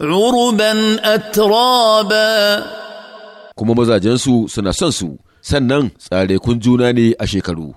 عربا أترابا kuma mazajensu suna son su sannan tsare kun juna ne a shekaru